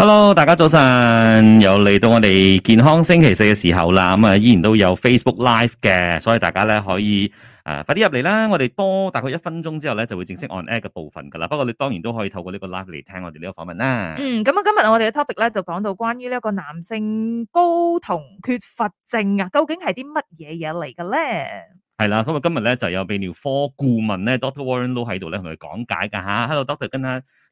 Hello，大家早晨，又嚟到我哋健康星期四嘅時候啦，咁啊依然都有 Facebook Live 嘅，所以大家咧可以誒快啲入嚟啦，我哋多大概一分鐘之後咧就會正式按 App 嘅部分噶啦，不過你當然都可以透過呢個 Live 嚟聽我哋呢個訪問啦。嗯，咁啊今日我哋嘅 topic 咧就講到關於呢一個男性睾酮缺乏症啊，究竟係啲乜嘢嘢嚟嘅咧？係啦，咁啊今日咧就有泌尿科顧問咧 Doctor Warren Low 喺度咧同佢講解噶吓。Hello，Doctor，跟啊。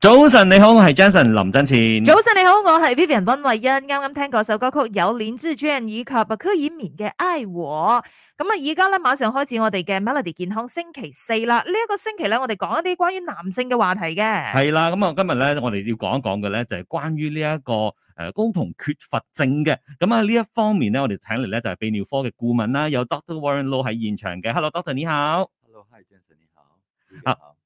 早晨，你好，我係 Jensen 林振前。早晨，你好，我係 Vivian 溫慧欣。啱啱聽過首歌曲《有臉之主人》，以及阿曲以綿嘅《愛和》。咁啊，而家咧馬上開始我哋嘅 Melody 健康星期四啦。呢一個星期咧，我哋講一啲關於男性嘅話題嘅。係啦，咁啊，今日咧，我哋要講一講嘅咧，就係關於呢一個誒睾酮缺乏症嘅。咁啊，呢一方面咧，我哋請嚟咧就係泌尿科嘅顧問啦，有 Doctor Warren Law 喺現場嘅。Hello，Doctor 你好。Hello，Hi，Jensen 你好。你好。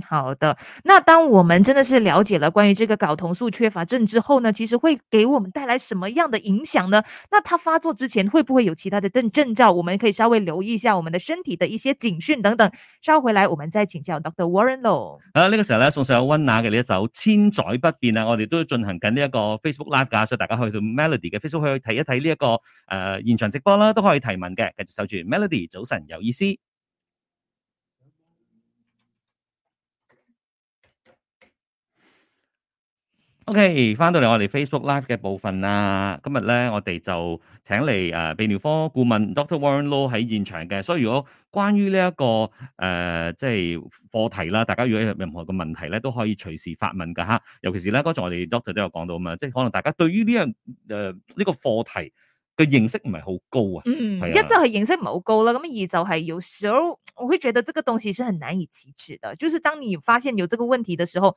好的，那當我們真的是了解了關於這個睾酮素缺乏症之後呢，其實會給我們帶來什麼樣的影響呢？那它發作之前會不會有其他的症症狀？我們可以稍微留意一下我們的身體的一些警訊等等。稍後回來，我們再請教 Dr. Warren 咯。呃呢個時候咧送上溫拿嘅呢一首《千載不變》啊，我哋都進行緊呢一個 Facebook Live 噶，所以大家可以去到 Melody 嘅 Facebook 去睇一睇呢一個誒、呃、現場直播啦，都可以提問嘅。繼續守住 Melody，早晨有意思。O.K. 翻到嚟我哋 Facebook Live 嘅部分啦。今日咧我哋就請嚟誒泌尿科顧問 Doctor Warren Law 喺現場嘅，所以如果關於呢一個誒、呃、即係課題啦，大家如果有任何嘅問題咧，都可以隨時發問噶吓。尤其是咧剛才我哋 Doctor 都有講到啊嘛，即係可能大家對於呢樣誒呢個課、呃這個、題嘅認識唔係好高啊。嗯,嗯是啊，一就係認識唔係好高啦，咁二就係有時候我會覺得這個東西是很難以啟齒的，就是當你發現有這個問題嘅時候。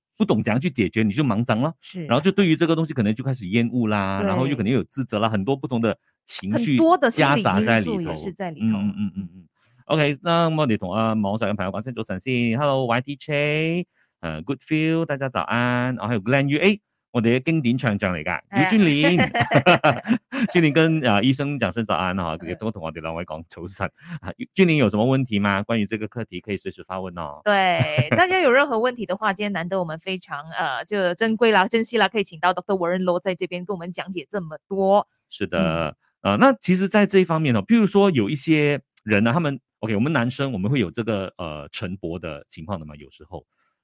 不懂怎樣去解決，你就盲張咯。是，然後就對於這個東西可能就開始厭惡啦，然後又可能有自責啦，很多不同的情緒多的夾雜在裏頭。嗯嗯嗯嗯。O K，咁我哋同啊網上嘅朋友講聲早晨先。Hello YDJ, uh,，Good feel，大家早安。還、oh, 有 Glenn U A。我哋嘅經典唱將嚟噶，俊林，俊、哎、 跟啊、呃、 醫生講聲早安啊，亦都同我哋兩位講早晨。俊、嗯、林、嗯、有什麼問題嗎？關於這個課題，可以隨時發問哦。對， 大家有任何問題的話，今天難得我們非常誒、呃、就珍貴啦，珍惜啦，可以請到 Dr. Warren Lo 在這邊跟我們講解這麼多。是的，啊、嗯呃，那其實，在這一方面哦，譬如說，有一些人呢，他們 OK，我們男生，我們會有這個誒晨勃的情況的嘛，有時候。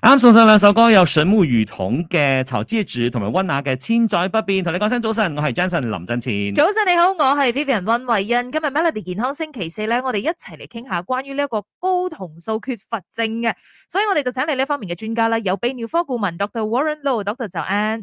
啱送上兩首歌，有神木與瞳嘅《草戒指》同埋溫雅嘅《千載不變》，同你講聲早晨，我係 Jason 林振前。早晨你好，我係 Vivian 溫慧欣。今日 Melody 健康星期四咧，我哋一齊嚟傾下關於呢一個睾酮素缺乏症嘅，所以我哋就請嚟呢方面嘅專家啦，有泌尿科顧問 Doctor Warren Low Doctor 就安。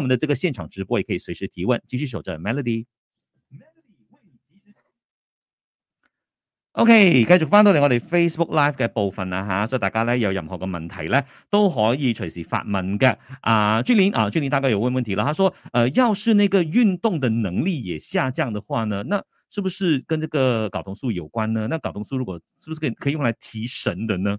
我們的這個現場直播也可以隨時提問，繼續守着 Melody。OK，繼續翻到我哋嘅 Facebook Live 嘅部分啦。吓，所以大家咧有任何嘅問題咧，都可以隨時發問嘅。啊俊霖啊俊霖大概有問問題啦，他說，呃，要是那個運動的能力也下降的話呢，那是不是跟這個睾酮素有關呢？那睾酮素如果是不是可以可以用來提神的呢？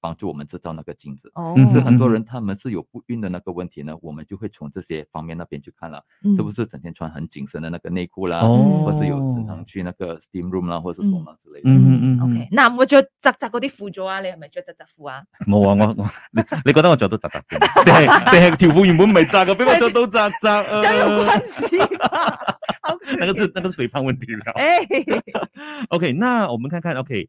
幫助我們製造那個精子哦，所以很多人他們是有不孕的那個問題呢，嗯、我們就會從這些方面那邊去看了，是、嗯、不是整天穿很緊身的那個內褲啦，哦、或是有經常去那個 steam room 啦，嗯、或者是什麼之類的。嗯嗯嗯。OK，那我就紮紮嗰啲褲着啊？你係咪着紮紮褲啊？冇啊、嗯、我，我 你你覺得我着都紮紮？定係定係條褲原本咪紮噶，俾我着都紮紮啊？有關係嗎笑 那？那個是那個是肥胖問題了。 哎 ，OK，那我們看看 OK。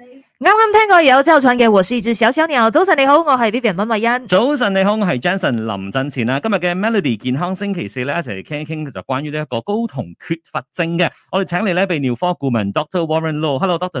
啱啱聽過有趙傳嘅，我是一隻小小鳥。早晨你好，我係 Vivian 溫慧欣。早晨你好，我係 Jason 林振前啦、啊。今日嘅 Melody 健康星期四咧，一齊嚟傾一傾，就關於呢一個睾酮缺乏症嘅。我哋請嚟咧，泌尿科顧問 Doctor Warren Low。Hello，Doctor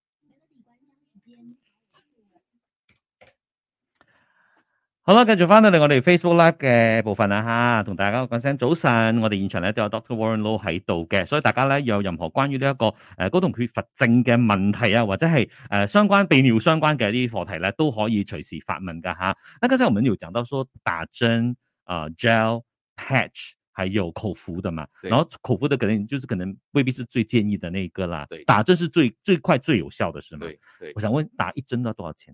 好啦，繼續翻到嚟我哋 Facebook 咧嘅部分啦吓，同大家講聲早晨。我哋現場咧都有 Dr. Warren Low 喺度嘅，所以大家咧有任何關於呢一個誒睾酮缺乏症嘅問題啊，或者係誒相關泌尿相關嘅啲課題咧，都可以隨時發問噶吓。啊，剛才我哋有講到，說打針啊、呃、gel patch，是有口服的嘛？對。然後口服的肯定，就是可能未必是最建議的那一個啦。對。打針是最最快最有效的是嗎？對。對我想問打一針要多，多少錢？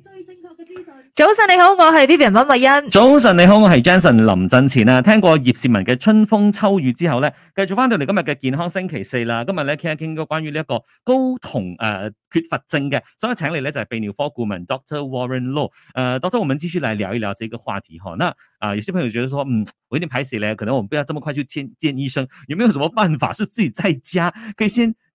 最正確嘅資訊。早晨你好，我係 Vivian 溫慧欣。早晨你好，我係 Johnson 林振前啊。聽過葉士文嘅春風秋雨之後咧，繼續翻到嚟今日嘅健康星期四啦。今日咧，傾一傾關於呢一個睾酮誒、呃、缺乏症嘅，所以請你咧，就係泌尿科顧問 Doctor Warren Low。誒、呃，到時候我們繼續來聊一聊這個話題哈。那啊、呃，有些朋友覺得說，嗯，我已經排泄咧，可能我們不要這麼快去見見醫生，有沒有什麼辦法是自己在家可以先？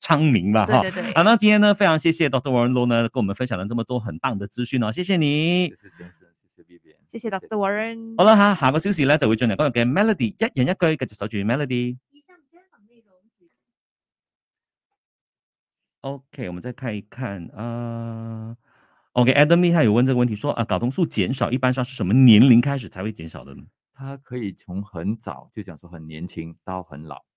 昌明吧，哈，好、哦，那今天呢，非常謝謝 Doctor Warren Lo 呢，跟我們分享咗咁多很棒的資訊哦，謝謝你，謝謝，謝謝 B B，謝謝 Doctor Warren。好啦，哈， 下個小時咧就會進入今日嘅 Melody，一人一句，繼續守住 Melody。O、okay, K，我們再看一看啊，O K，Adam Lee 有問這個問題，說啊，睾酮素減少，一般上是什麼年齡開始才會減少的呢？他可以從很早就講，說很年輕到很老。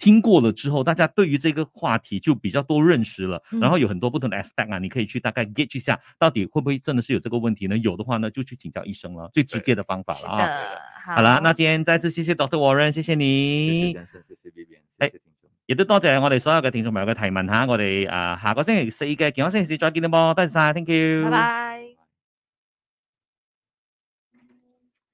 聽過了之後，大家對於這個話題就比較多認識了，嗯、然後有很多不同的 aspect 啊，你可以去大概 get 一下，到底會不會真的是有這個問題呢？有的話呢，就去請教醫生了，最直接的方法了啊。好，好啦，那今天再次謝謝 Doctor Warren，謝謝你。謝謝謝謝李李謝謝。哎，也都多謝我哋所有嘅聽眾朋友嘅提問下，我哋啊、呃、下個星期四嘅健康星期四再見了啵，多謝晒，Thank you。拜拜。Bye bye